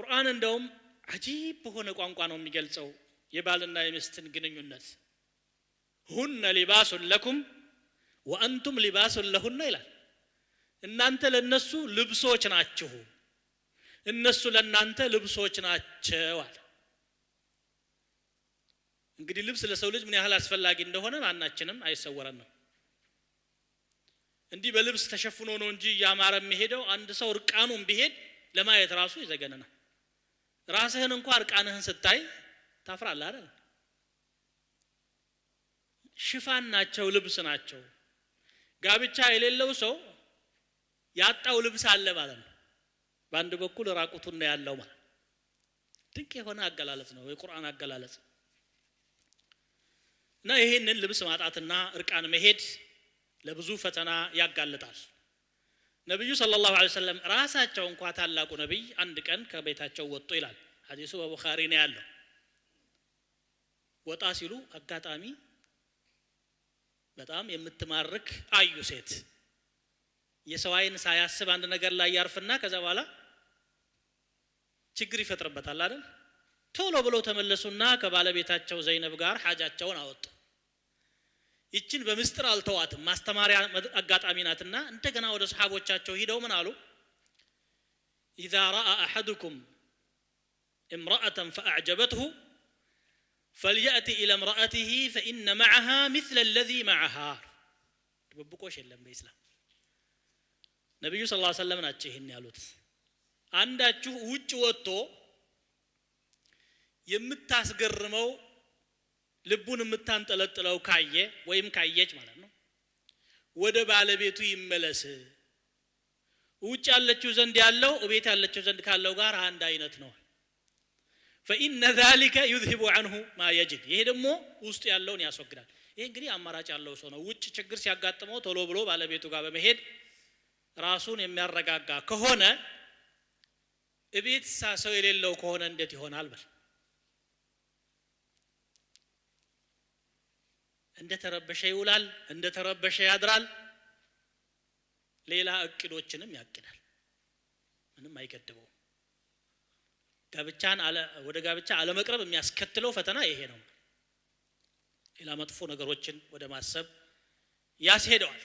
ቁርአን እንደውም አጂብ በሆነ ቋንቋ ነው የሚገልጸው የባልና የምስትን ግንኙነት ሁነ ሊባሱን ለኩም ወአንቱም ሊባሱን ለሁነ ይላል እናንተ ለነሱ ልብሶች ናችሁ እነሱ ለእናንተ ልብሶች ናቸዋል እንግዲህ ልብስ ለሰው ልጅ ምን ያህል አስፈላጊ እንደሆነ ማናችንም አይሰወረን ነው እንዲህ በልብስ ተሸፍኖ ነው እንጂ እያማረ የሚሄደው አንድ ሰው እርቃኑን ቢሄድ ለማየት ራሱ ይዘገነናል። ራስህን እንኳ እርቃንህን ስታይ ታፍራለህ አይደል? ሽፋን ናቸው፣ ልብስ ናቸው። ጋብቻ የሌለው ሰው ያጣው ልብስ አለ ማለት ነው። በአንድ በኩል ራቁቱና ያለው ማለት ድንቅ የሆነ አገላለጽ ነው፣ የቁርአን አገላለጽ እና ይህንን ልብስ ማጣትና እርቃን መሄድ ለብዙ ፈተና ያጋልጣል። ነቢዩ ሰለላሁ ዐለይሂ ሰለም ራሳቸው እንኳ ታላቁ ነቢይ አንድ ቀን ከቤታቸው ወጡ ይላል ሀዲሱ በቡኻሪ ነው ያለው ወጣ ሲሉ አጋጣሚ በጣም የምትማርክ አዩ ሴት የሰው አይን ሳያስብ አንድ ነገር ላይ ያርፍና ከዛ በኋላ ችግር ይፈጥርበታል አይደል ቶሎ ብለው ተመለሱና ከባለቤታቸው ዘይነብ ጋር ሀጃቸውን አወጡ ይችን በምስጥር አልተዋትም ማስተማሪያ አጋጣሚ ናትና እንደገና ወደ ሰሓቦቻቸው ሂደው ምን አሉ ኢዛ ረአ አሐድኩም امرأة فأعجبته فليأتي إلى امرأته فإن معها مثل الذي معها تببقوش يلم بإسلام ነቢዩ ስ ላ ሰለም ናቸው ይህን ያሉት አንዳችሁ ውጭ ወጥቶ የምታስገርመው ልቡን የምታንጠለጥለው ካየ ወይም ካየች ማለት ነው ወደ ባለቤቱ ይመለስ። ውጭ ያለችው ዘንድ ያለው እቤት ያለችው ዘንድ ካለው ጋር አንድ አይነት ነው። ፈኢነ ዛሊከ ዩዝሂቡ አንሁ ማ ይሄ ደግሞ ውስጡ ያለውን ያስወግዳል። ይህ እንግዲህ አማራጭ ያለው ሰው ነው። ውጭ ችግር ሲያጋጥመው ቶሎ ብሎ ባለቤቱ ጋር በመሄድ ራሱን የሚያረጋጋ ከሆነ እቤት ሳሰው ሰው የሌለው ከሆነ እንዴት ይሆናል በል እንደተረበሸ ይውላል እንደተረበሸ ያድራል ሌላ እቅዶችንም ያቅዳል ምንም አይገድበው ጋብቻን ወደ ጋብቻ አለመቅረብ የሚያስከትለው ፈተና ይሄ ነው ሌላ መጥፎ ነገሮችን ወደ ማሰብ ያስሄደዋል